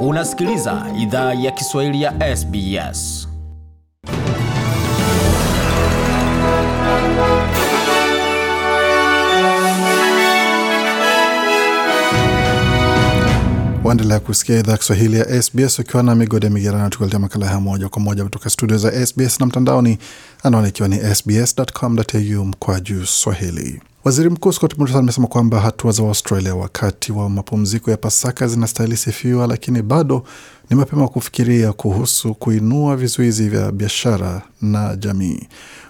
Unasikiliza idhaa ya Kiswahili ya SBS. Waendelea kusikia idhaa ya Kiswahili ya SBS ukiwa na migode migerano tukuletea makala haya moja kwa moja kutoka studio za SBS na mtandaoni, anaonekiwa ni sbs.com.au juu swahili. Waziri Mkuu Scott Morrison amesema kwamba hatua za Australia wakati wa mapumziko ya Pasaka zinastahili sifiwa, lakini bado ni mapema kufikiria kuhusu kuinua vizuizi vya biashara na jamii.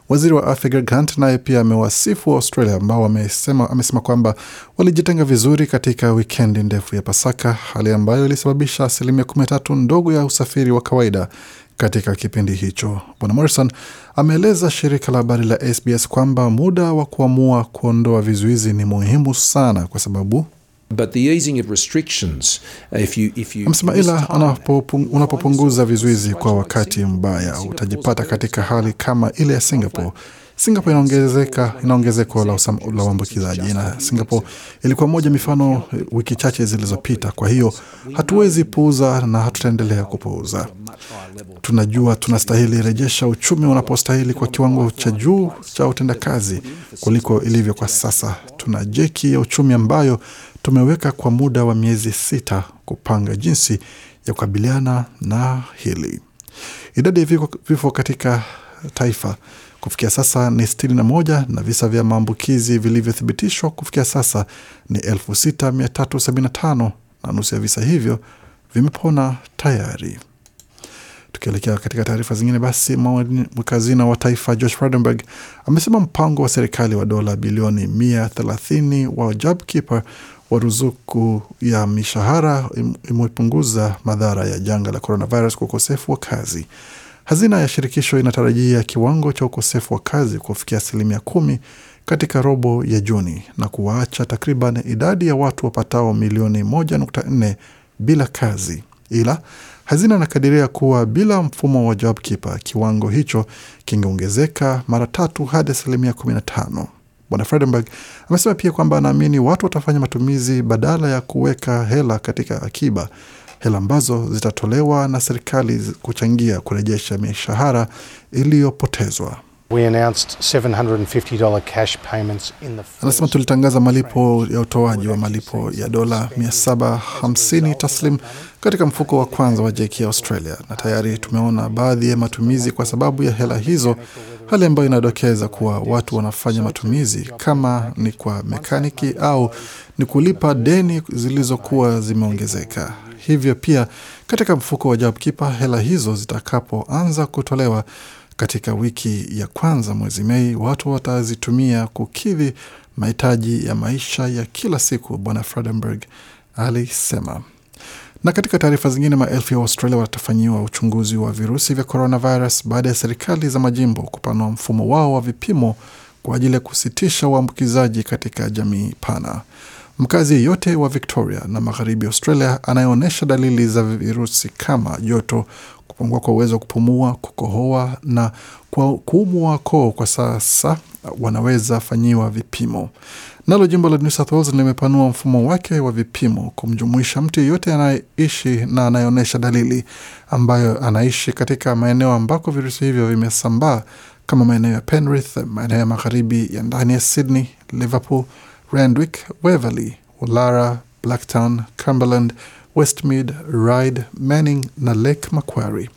Waziri wa afya Greg Hunt naye pia amewasifu Australia ambao amesema, amesema kwamba walijitenga vizuri katika wikendi ndefu ya Pasaka, hali ambayo ilisababisha asilimia kumi na tatu ndogo ya usafiri wa kawaida katika kipindi hicho, Bwana Morrison ameeleza shirika la habari la SBS kwamba muda wa kuamua kuondoa vizuizi ni muhimu sana kwa sababu amesema ila unapopunguza vizuizi kwa wakati mbaya utajipata katika hali kama ile ya Singapore Singapore inaongezeka ina ongezeko la uambukizaji, na Singapore ilikuwa moja mifano eh, wiki chache zilizopita. Kwa hiyo hatuwezi puuza na hatutaendelea kupuuza. Tunajua tunastahili rejesha uchumi unapostahili kwa kiwango cha juu cha utendakazi kuliko ilivyo kwa sasa. Tuna jeki ya uchumi ambayo tumeweka kwa muda wa miezi sita kupanga jinsi ya kukabiliana na hili. Idadi ya vifo katika taifa Kufikia sasa ni 61 na visa vya maambukizi vilivyothibitishwa kufikia sasa ni 6375 na nusu ya visa hivyo vimepona tayari. Tukielekea katika taarifa zingine, basi mwakazina wa taifa Josh Frydenberg amesema mpango wa serikali wa dola bilioni 130 wa JobKeeper wa ruzuku ya mishahara imepunguza madhara ya janga la coronavirus kwa ukosefu wa kazi. Hazina ya shirikisho inatarajia kiwango cha ukosefu wa kazi kufikia asilimia kumi katika robo ya Juni na kuwaacha takriban idadi ya watu wapatao milioni 1.4 bila kazi, ila hazina inakadiria kuwa bila mfumo wa JobKeeper kiwango hicho kingeongezeka mara tatu hadi asilimia 15. Bwana Fredenberg amesema pia kwamba anaamini watu watafanya matumizi badala ya kuweka hela katika akiba hela ambazo zitatolewa na serikali kuchangia kurejesha mishahara iliyopotezwa. Anasema tulitangaza malipo ya utoaji wa malipo ya dola 750 taslim katika mfuko wa kwanza wa jeki ya Australia, na tayari tumeona baadhi ya matumizi kwa sababu ya hela hizo hali ambayo inadokeza kuwa watu wanafanya matumizi kama ni kwa mekaniki au ni kulipa deni zilizokuwa zimeongezeka. Hivyo pia katika mfuko wa JobKeeper hela hizo zitakapoanza kutolewa katika wiki ya kwanza mwezi Mei, watu watazitumia kukidhi mahitaji ya maisha ya kila siku, Bwana fredenberg alisema. Na katika taarifa zingine, maelfu ya Australia watafanyiwa uchunguzi wa virusi vya coronavirus baada ya serikali za majimbo kupanua mfumo wao wa vipimo kwa ajili ya kusitisha uambukizaji katika jamii pana. Mkazi yeyote wa Victoria na magharibi Australia anayeonyesha dalili za virusi kama joto, kupungua kwa uwezo wa kupumua, kukohoa na kuumwa koo kwa sasa wanaweza fanyiwa vipimo. Nalo jimbo la New South Wales limepanua mfumo wake wa vipimo kumjumuisha mtu yeyote anayeishi na anayeonyesha dalili, ambayo anaishi katika maeneo ambako virusi hivyo vimesambaa kama maeneo ya Penrith, maeneo ya magharibi ya ndani ya Sydney, Liverpool, Randwick, Waverley, Ulara, Blacktown, Cumberland, Westmead, Ryde, Manning na Lake Macquarie.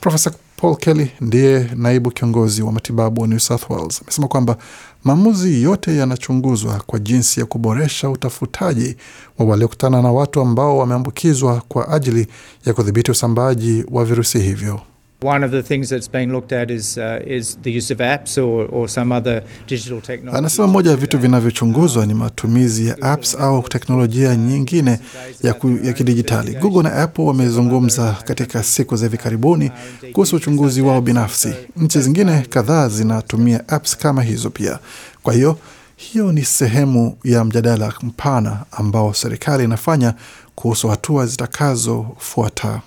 Profesa Paul Kelly ndiye naibu kiongozi wa matibabu wa New South Wales amesema kwamba maamuzi yote yanachunguzwa kwa jinsi ya kuboresha utafutaji wa waliokutana na watu ambao wameambukizwa kwa ajili ya kudhibiti usambaaji wa virusi hivyo. Anasema moja ya vitu vinavyochunguzwa ni matumizi ya apps au teknolojia nyingine ya, ya kidijitali. Google na Apple wamezungumza katika siku za hivi karibuni kuhusu uchunguzi wao binafsi. Nchi zingine kadhaa zinatumia apps kama hizo pia. Kwa hiyo hiyo ni sehemu ya mjadala mpana ambao serikali inafanya kuhusu hatua zitakazofuata.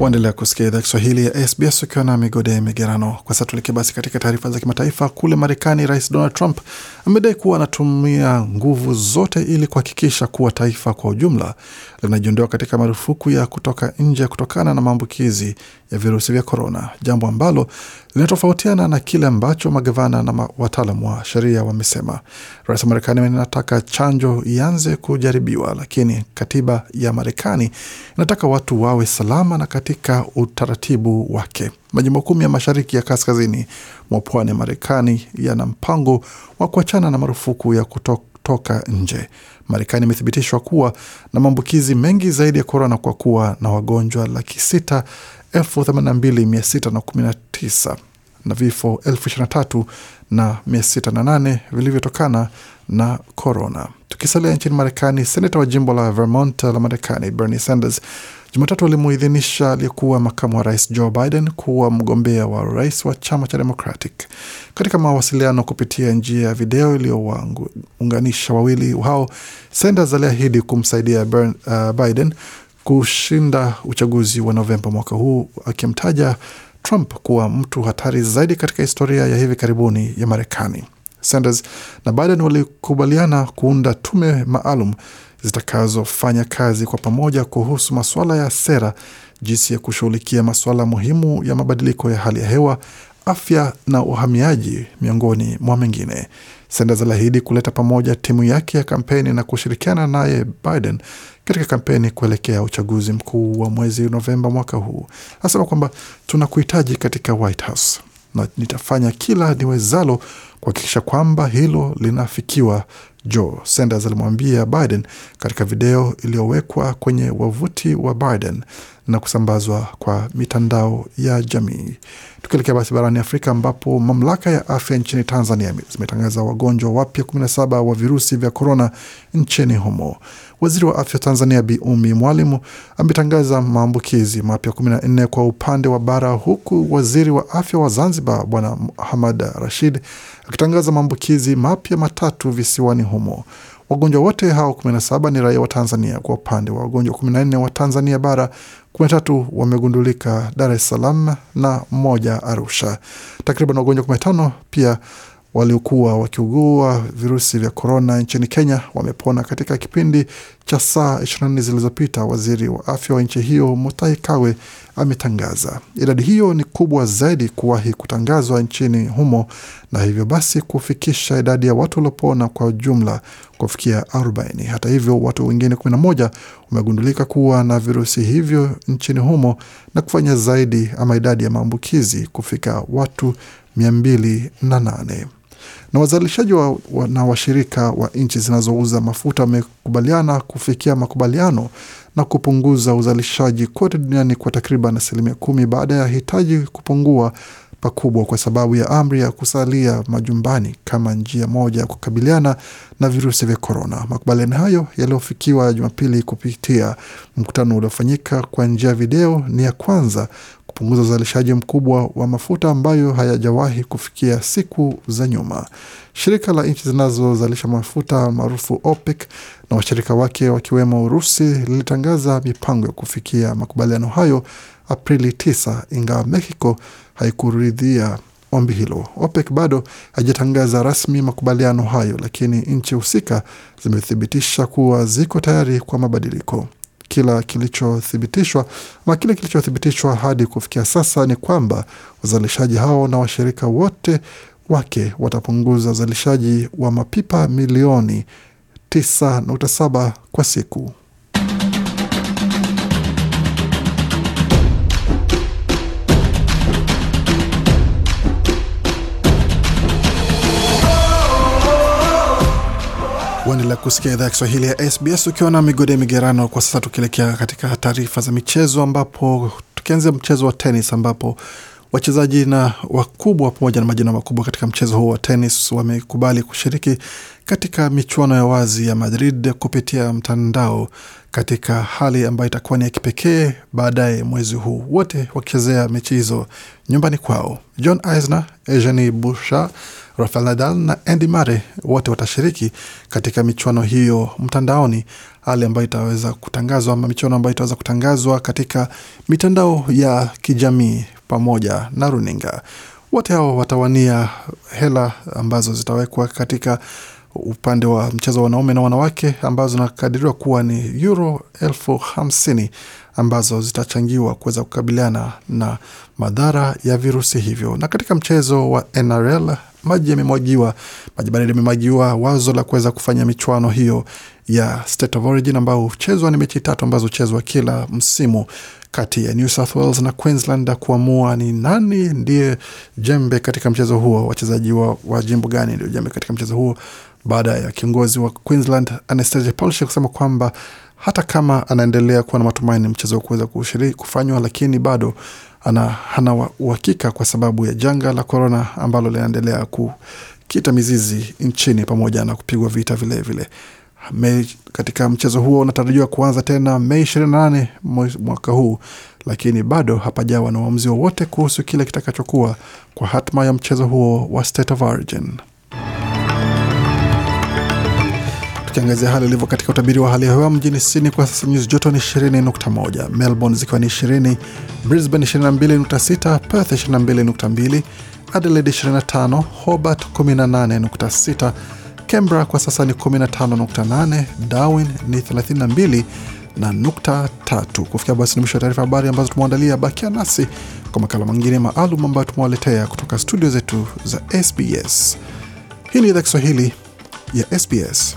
Waendelea kusikia idhaa Kiswahili ya SBS ukiwa na migode ya migerano. Kwa sasa tuelekee basi katika taarifa za kimataifa. Kule Marekani, Rais Donald Trump amedai kuwa anatumia nguvu zote ili kuhakikisha kuwa taifa kwa ujumla linajiondoa katika marufuku ya kutoka nje kutokana na maambukizi ya virusi vya korona, jambo ambalo linatofautiana na kile ambacho magavana na wataalamu wa sheria wamesema. Rais wa Marekani anataka chanjo ianze kujaribiwa, lakini katiba ya Marekani inataka watu wawe salama na katika utaratibu wake. Majimbo kumi ya mashariki ya kaskazini mwa pwani ya Marekani yana mpango wa kuachana na marufuku ya kutoka nje. Marekani imethibitishwa kuwa na maambukizi mengi zaidi ya korona kwa kuwa na wagonjwa laki sita elfu themanini na mbili mia sita na kumi na tisa na vifo elfu ishirini na tatu na mia sita na nane vilivyotokana na korona. Tukisalia nchini Marekani, seneta wa jimbo la Vermont la Marekani Bernie Sanders Jumatatu alimuidhinisha aliyekuwa makamu wa rais Joe Biden kuwa mgombea wa rais wa chama cha Democratic. Katika mawasiliano kupitia njia ya video iliyowaunganisha wawili hao, Sanders aliahidi kumsaidia Bern, uh, Biden kushinda uchaguzi wa Novemba mwaka huu, akimtaja Trump kuwa mtu hatari zaidi katika historia ya hivi karibuni ya Marekani. Sanders na Biden walikubaliana kuunda tume maalum zitakazofanya kazi kwa pamoja kuhusu masuala ya sera, jinsi ya kushughulikia masuala muhimu ya mabadiliko ya hali ya hewa, afya na uhamiaji, miongoni mwa mengine. Sanders aliahidi kuleta pamoja timu yake ya kampeni na kushirikiana naye Biden katika kampeni kuelekea uchaguzi mkuu wa mwezi Novemba mwaka huu. Anasema kwamba tunakuhitaji katika White House na nitafanya kila niwezalo kuhakikisha kwamba hilo linafikiwa, Joe Sanders alimwambia Biden katika video iliyowekwa kwenye wavuti wa Biden na kusambazwa kwa mitandao ya jamii. Tukielekea basi barani Afrika, ambapo mamlaka ya afya nchini Tanzania zimetangaza wagonjwa wapya 17 wa virusi vya korona nchini humo. Waziri wa afya Tanzania Bi Umi Mwalimu ametangaza maambukizi mapya 14 kwa upande wa bara, huku waziri wa afya wa Zanzibar Bwana Hamada Rashid akitangaza maambukizi mapya matatu visiwani humo. Wagonjwa wote hao 17 ni raia wa Tanzania. Kwa upande wa wagonjwa 14 wa Tanzania bara, 13 wamegundulika Dar es Salaam na mmoja Arusha. Takriban wagonjwa 15 pia waliokuwa wakiugua virusi vya korona nchini Kenya wamepona katika kipindi cha saa 24 zilizopita, waziri wa afya wa nchi hiyo Mutahi Kagwe ametangaza. Idadi hiyo ni kubwa zaidi kuwahi kutangazwa nchini humo, na hivyo basi kufikisha idadi ya watu waliopona kwa jumla kufikia 40. Hata hivyo, watu wengine 11 wamegundulika kuwa na virusi hivyo nchini humo na kufanya zaidi ama idadi ya maambukizi kufika watu 208. Na wazalishaji wa, wa, na washirika wa nchi zinazouza mafuta wamekubaliana kufikia makubaliano na kupunguza uzalishaji kote duniani kwa takriban asilimia kumi baada ya hitaji kupungua pakubwa kwa sababu ya amri ya kusalia majumbani kama njia moja ya kukabiliana na virusi vya korona. Makubaliano hayo yaliyofikiwa Jumapili kupitia mkutano uliofanyika kwa njia ya video ni ya kwanza kupunguza uzalishaji mkubwa wa mafuta ambayo hayajawahi kufikia siku za nyuma. Shirika la nchi zinazozalisha mafuta maarufu OPEC na washirika wake wakiwemo Urusi lilitangaza mipango ya kufikia makubaliano hayo Aprili 9 ingawa Mexico haikuridhia ombi hilo. OPEC bado haijatangaza rasmi makubaliano hayo, lakini nchi husika zimethibitisha kuwa ziko tayari kwa mabadiliko. Kila kilichothibitishwa ama kile kilichothibitishwa hadi kufikia sasa ni kwamba wazalishaji hao na washirika wote wake watapunguza uzalishaji wa mapipa milioni 9.7 kwa siku. unaendelea kusikia idhaa ya Kiswahili ya SBS ukiwa na migode migerano. Kwa sasa tukielekea katika taarifa za michezo, ambapo tukianzia mchezo wa tenis, ambapo wachezaji na wakubwa pamoja na majina makubwa katika mchezo huu wa tenis wamekubali kushiriki katika michuano ya wazi ya Madrid kupitia mtandao katika hali ambayo itakuwa ni ya kipekee baadaye mwezi huu, wote wakichezea mechi hizo nyumbani kwao. John Isner, Eugeni Busha, Rafael Nadal na Andy Murray wote watashiriki katika michuano hiyo mtandaoni, hali ambayo itaweza kutangazwa ama michuano ambayo itaweza kutangazwa katika mitandao ya kijamii pamoja na runinga. Wote hao watawania hela ambazo zitawekwa katika upande wa mchezo wa wanaume na wanawake ambazo zinakadiriwa kuwa ni euro elfu hamsini ambazo zitachangiwa kuweza kukabiliana na madhara ya virusi hivyo. Na katika mchezo wa NRL maji yamemwagiwa, maji baridi yamemwagiwa wazo la kuweza kufanya michuano hiyo ya State of Origin ambao huchezwa, ni mechi tatu ambazo huchezwa kila msimu kati ya New South Wales na Queensland kuamua ni nani ndiye jembe katika mchezo huo, wachezaji wa, wa jimbo gani ndio jembe katika mchezo huo baada ya kiongozi wa Queensland Anastasia Palaszczuk kusema kwamba hata kama anaendelea kuwa na matumaini mchezo wa kuweza kufanywa, lakini bado ana, hana uhakika kwa sababu ya janga la korona ambalo linaendelea kukita mizizi nchini pamoja na kupigwa vita vilevile vile. Me, katika mchezo huo unatarajiwa kuanza tena Mei 28 mwaka huu, lakini bado hapajawa na uamuzi wowote kuhusu kile kitakachokuwa kwa hatma ya mchezo huo wa State of Origin. Tukiangazia hali ilivyo katika utabiri wa hali ya hewa mjini Sydney kwa sasa nyuzi joto ni 20.1, Melbourne zikiwa ni 20, Brisbane 22.6, Perth 22.2, Adelaide 25, Hobart 18.6, Canberra kwa sasa ni 15.8, Darwin ni 32 na nukta tatu. Kufikia basi ni mwisho wa taarifa habari ambazo tumeandalia. Bakia nasi kwa makala mengine maalum ambayo tumewaletea kutoka studio zetu za SBS. Hii ni idhaa Kiswahili ya SBS.